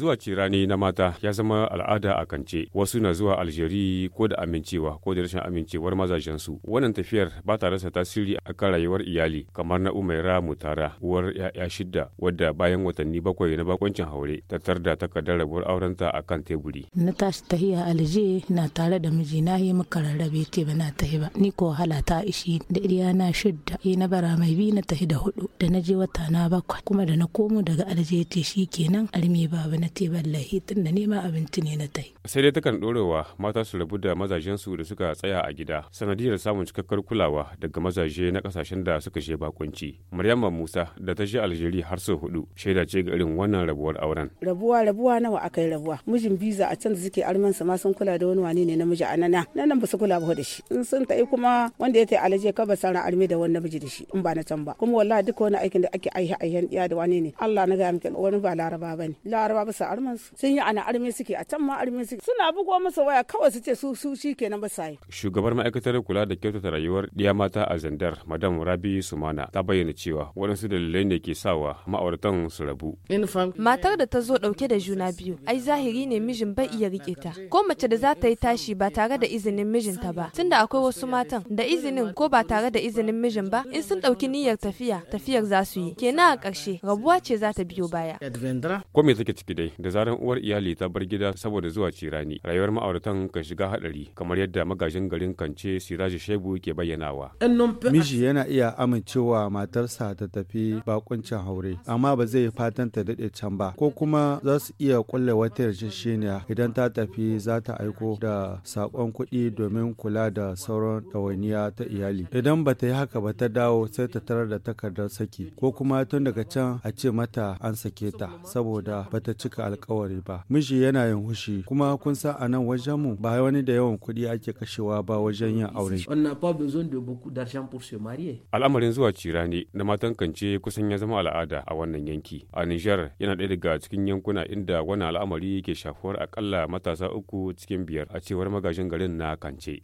Zuwa cirani na mata ya zama al'ada a kance, wasu na zuwa Aljeri ko da amincewa ko da rashin amincewar mazajensu. Wannan tafiyar ba ta rasa tasiri a kan rayuwar iyali, kamar na Umaira tara uwar ‘ya'ya shidda, wadda bayan watanni bakwai na bakoncin haure, ta tarda takardar rabuwar aurenta a kan teburi. Na tashi tahiya Alje na tare da n'a yi maka rarrabe te ba na tahi ba, ni ko hala ta ishi da iriya na shidda, yi na bara mai bi na tahi da hudu, da na je wata na bakwai, kuma da na komo daga Alje te shi kenan almi babu na ce ballahi tunda nema abinci ne na tai. Sai dai takan ɗorewa mata su rabu da mazajensu da suka tsaya a gida sanadiyar samun cikakkar kulawa daga mazaje na kasashen da suka je bakunci. Maryama Musa da ta je Algeria har sau hudu shaida ce ga irin wannan rabuwar auren. Rabuwa rabuwa nawa aka yi rabuwa mijin biza a can da suke armin ma sun kula da wani wani ne miji anana na nan ba su kula ba da shi in sun ta'i kuma wanda ya tai alaje ka ba ran arme da wani namiji da shi in ba na can ba kuma wallahi duka wani aikin da ake aihe aihen iya da wani ne Allah na gaya miki wani ba laraba ne laraba ba musu arman sun yi ana arme suke a can ma arme suke suna bugo masa waya kawai su ce su su shi kenan ba sa Shugabar ma'aikatar kula da kyautata rayuwar ɗiya mata a Zandar Madam Rabi Sumana ta bayyana cewa waɗansu dalilai ne ke sawa ma'auratan su rabu. Matar da ta zo ɗauke da juna biyu ai zahiri ne mijin bai iya riƙe ta ko mace da za ta yi tashi ba tare da izinin mijinta ba tunda akwai wasu matan da izinin ko ba tare da izinin mijin ba in sun ɗauki niyyar tafiya tafiyar za su yi kenan a ƙarshe rabuwa ce za ta biyo baya. Ko me take ciki dai da zaran uwar iyali ta bar gida saboda zuwa cirani rayuwar ma'auratan kan shiga hadari kamar yadda magajin garin kance siraji shebu ke bayyanawa miji yana iya amincewa matarsa ta tafi bakuncin haure amma ba zai fatan ta daɗe can ba ko kuma za su iya kulle wata yarjejeniya idan ta tafi za ta aiko da sakon kuɗi domin kula da sauran ɗawainiya ta iyali idan ba ta yi haka ba ta dawo sai ta tarar da takardar saki ko kuma tun daga can a ce mata an sake ta saboda ba ta ci cika alkawari ba miji yana yin hushi kuma kun sa a nan wajen mu ba wani da yawan kuɗi ake kashewa ba wajen yin aure al'amarin zuwa cira ne na matan kance kusan ya zama al'ada a wannan yanki a Nijar yana ɗaya daga cikin yankuna inda wannan al'amari ke shafuwar akalla matasa uku cikin biyar a cewar magajin garin na kance.